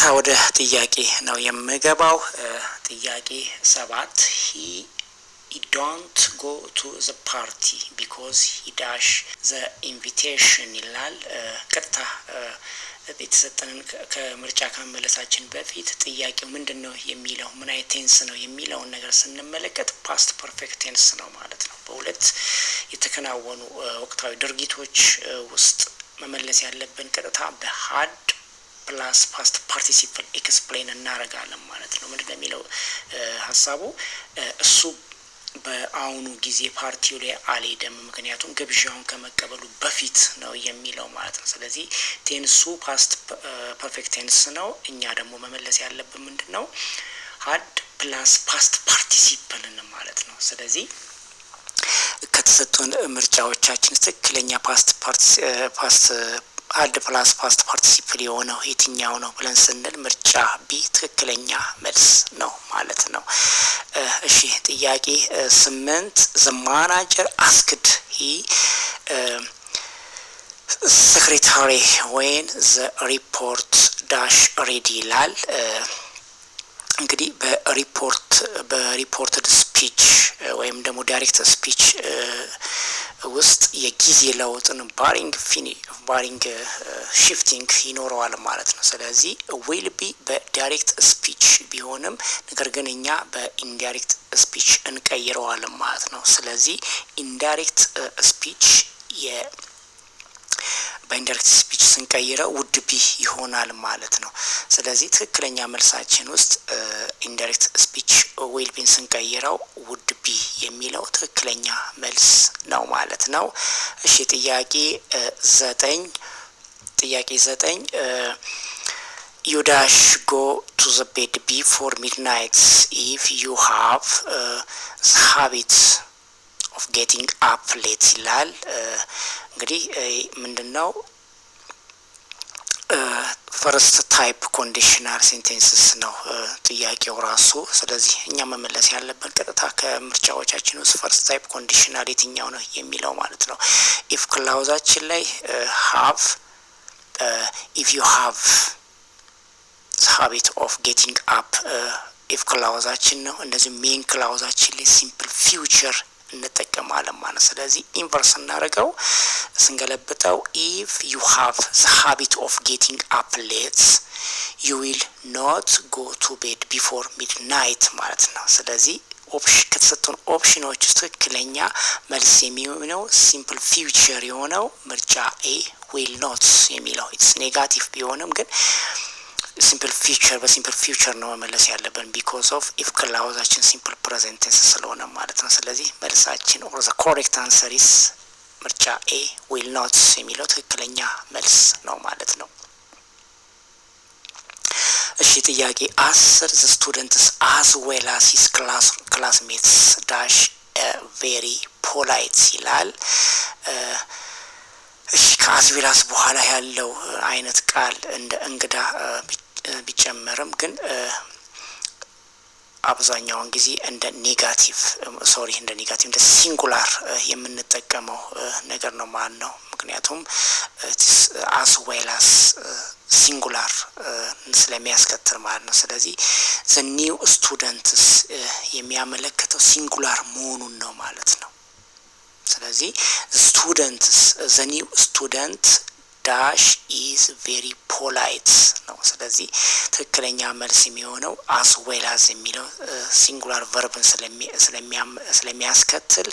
ቀጥታ ወደ ጥያቄ ነው የምገባው። ጥያቄ ሰባት ሂ ዶንት ጎ ቱ ዘ ፓርቲ ቢኮዝ ሂ ዳሽ ዘ ኢንቪቴሽን ይላል። ቀጥታ የተሰጠንን ከምርጫ ከመመለሳችን በፊት ጥያቄው ምንድን ነው የሚለው ምን አይነት ቴንስ ነው የሚለውን ነገር ስንመለከት ፓስት ፐርፌክት ቴንስ ነው ማለት ነው። በሁለት የተከናወኑ ወቅታዊ ድርጊቶች ውስጥ መመለስ ያለብን ቀጥታ በሀድ ፕላስ ፓስት ፓርቲሲፕል ኤክስፕሌን እናደርጋለን ማለት ነው። ምንድን ነው የሚለው ሀሳቡ እሱ በአሁኑ ጊዜ ፓርቲው ላይ አልሄደም፣ ምክንያቱም ግብዣውን ከመቀበሉ በፊት ነው የሚለው ማለት ነው። ስለዚህ ቴንሱ ፓስት ፐርፌክት ቴንስ ነው። እኛ ደግሞ መመለስ ያለብን ምንድን ነው ሀድ ፕላስ ፓስት ፓርቲሲፕልን ማለት ነው። ስለዚህ ከተሰጡን ምርጫዎቻችን ትክክለኛ ፓስት አንድ ፕላስ ፓስት ፓርቲሲፕል የሆነው የትኛው ነው ብለን ስንል ምርጫ ቢ ትክክለኛ መልስ ነው ማለት ነው። እሺ ጥያቄ ስምንት ዘ ማናጀር አስክድ ሂ ሴክሬታሪ ወይን ዘ ሪፖርት ዳሽ ሬዲ ይላል። እንግዲህ በሪፖርት በሪፖርትድ ስፒች ወይም ደግሞ ዳይሬክት ስፒች ውስጥ የጊዜ ለውጥን ባሪንግ ፊኒ ባሪንግ ሽፍቲንግ ይኖረዋል ማለት ነው። ስለዚህ ዊል ቢ በዳይሬክት ስፒች ቢሆንም ነገር ግን እኛ በኢንዳይሬክት ስፒች እንቀይረዋል ማለት ነው። ስለዚህ ኢንዳይሬክት ስፒች በኢንዳይሬክት ስፒች ስንቀይረው ውድ ቢ ይሆናል ማለት ነው። ስለዚህ ትክክለኛ መልሳችን ውስጥ ኢንዳይሬክት ስፒች ዊል ቢን ስንቀይረው ውድ ቢ የሚለው ትክክለኛ መልስ ነው ማለት ነው። እሺ ጥያቄ ዘጠኝ ጥያቄ ዘጠኝ ዩዳሽ ጎ ቱ ዘ ቤድ ፎር ሚድናይት ኢፍ ዩ ሃቭ ሀቢት ኦፍ ጌቲንግ አፕ ሌት ይላል። እንግዲህ ምንድን ነው ፈርስት ታይፕ ኮንዲሽናል ሴንቴንስስ ነው ጥያቄው ራሱ። ስለዚህ እኛ መመለስ ያለብን ቀጥታ ከምርጫዎቻችን ውስጥ ፈርስት ታይፕ ኮንዲሽናል የትኛው ነው የሚለው ማለት ነው። ኢፍ ክላውዛችን ላይ ሀቭ ኢፍ ዩ ሀቭ ሀቢት ኦፍ ጌቲንግ አፕ ኢፍ ክላውዛችን ነው። እንደዚሁ ሜን ክላውዛችን ላይ ሲምፕል ፊውቸር እንጠቀ ማለት ማለት ስለዚህ ኢንቨርስ እናደርገው ስንገለብጠው ኢፍ ዩ ሃቭ ሃቢት ኦፍ ጌቲንግ አፕ ሌት ዩ ዊል ኖት ጎ ቱ ቤድ ቢፎር ሚድ ናይት ማለት ነው። ስለዚህ ከተሰጡን ኦፕሽኖች ውስጥ ትክክለኛ መልስ የሚሆነው ሲምፕል ፊውቸር የሆነው ምርጫ ኤ ዊል ኖት የሚለው ኢትስ ኔጋቲቭ ቢሆንም ግን ሲምፕል ፊውቸር በሲምፕል ፊውቸር ነው መመለስ ያለብን ቢኮዝ ኦፍ ኢፍ ክላውዛችን ሲምፕል ፕሬዘንትንስ ስለሆነ ማለት ነው። ስለዚህ መልሳችን ኦር ዘ ኮሬክት አንሰሪስ ምርጫ ኤ ዊል ኖት የሚለው ትክክለኛ መልስ ነው ማለት ነው። እሺ ጥያቄ አስር ዘ ስቱደንትስ አስ ዌል አስ ሂዝ ክላስሜትስ ዳሽ ቬሪ ፖላይት ይላል። uh, እሺ ከአስቤላስ በኋላ ያለው አይነት ቃል እንደ እንግዳ ቢጨመርም ግን አብዛኛውን ጊዜ እንደ ኔጋቲቭ ሶሪ እንደ ኔጋቲቭ እንደ ሲንጉላር የምንጠቀመው ነገር ነው ማለት ነው። ምክንያቱም አስ ዌላስ ሲንጉላር ስለሚያስከትል ማለት ነው። ስለዚህ ዘኒው ስቱደንትስ የሚያመለክተው ሲንጉላር መሆኑን ነው ማለት ነው። ስለዚህ ስቱደንትስ ዘኒው ኒው ስቱደንት ዳሽ ኢዝ ቬሪ ፖላይት ነው። ስለዚህ ትክክለኛ መልስ የሚሆነው አስ የሚለው ሲንጉላር uh, ቨርብን ስለሚያስከትል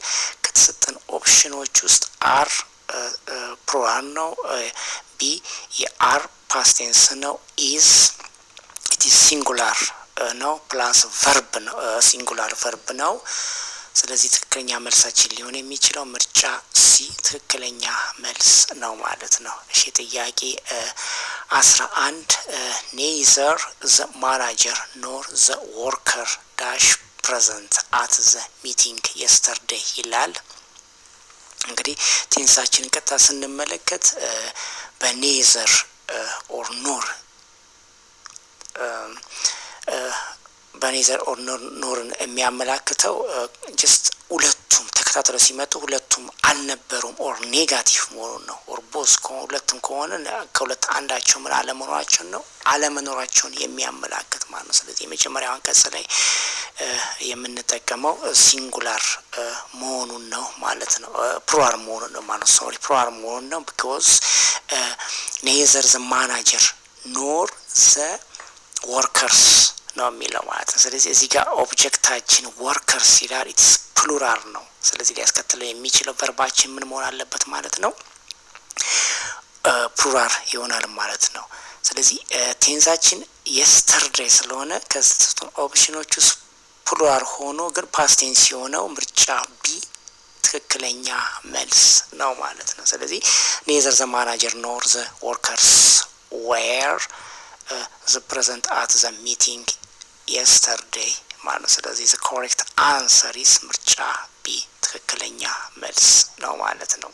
ከተሰጠን ኦፕሽኖች ውስጥ አር ፕሮራን uh, uh, ነው፣ ቢ የአር ፓስቴንስ ነው፣ ኢዝ ኢት ሲንጉላር ነው ፕላስ ቨርብ ነው ሲንጉላር ቨርብ ነው። ስለዚህ ትክክለኛ መልሳችን ሊሆን የሚችለው ምርጫ ሲ ትክክለኛ መልስ ነው ማለት ነው። እሺ ጥያቄ አስራ አንድ ኔይዘር ዘ ማናጀር ኖር ዘ ወርከር ዳሽ ፕሬዘንት አት ዘ ሚቲንግ የስተርዴይ ይላል። እንግዲህ ቴንሳችን ቀጥታ ስንመለከት በኔዘር ኦር ኖር በኔዘር ኦር ኖርን የሚያመላክተው ጀስት ሁለቱም ተከታትለው ሲመጡ ሁለቱም አልነበሩም ኦር ኔጋቲቭ መሆኑን ነው። ኦር ቦዝ ሁለቱም ከሆነ ከሁለት አንዳቸው ምን አለመኖራቸውን ነው አለመኖራቸውን የሚያመላክት ማለት ነው። ስለዚህ የመጀመሪያው አንቀጽ ላይ የምንጠቀመው ሲንጉላር መሆኑን ነው ማለት ነው። ፕሮአር መሆኑን ነው ማለት ሶሪ ፕሮአር መሆኑን ነው ቢኮዝ ኔዘር ዘ ማናጀር ኖር ዘ ወርከርስ ነው የሚለው ማለት ነው። ስለዚህ እዚህ ጋር ኦብጀክታችን ወርከርስ ይላል። ኢትስ ፕሉራል ነው። ስለዚህ ሊያስከትለው የሚችለው ቨርባችን ምን መሆን አለበት ማለት ነው? ፕሉራል ይሆናል ማለት ነው። ስለዚህ ቴንሳችን የስተርዴ ስለሆነ ከስቱም ኦፕሽኖች ውስጥ ፕሉራል ሆኖ ግን ፓስት ቴንስ የሆነው ምርጫ ቢ ትክክለኛ መልስ ነው ማለት ነው። ስለዚህ ኔዘር ዘ ማናጀር ኖር ዘ ወርከርስ ዌር ዘ ፕሬዘንት አት ዘ ሚቲንግ የስተርዴይ ማለት ነው። ስለዚህ ኮሬክት አንሰሪስ ምርጫ ቢ ትክክለኛ መልስ ነው ማለት ነው።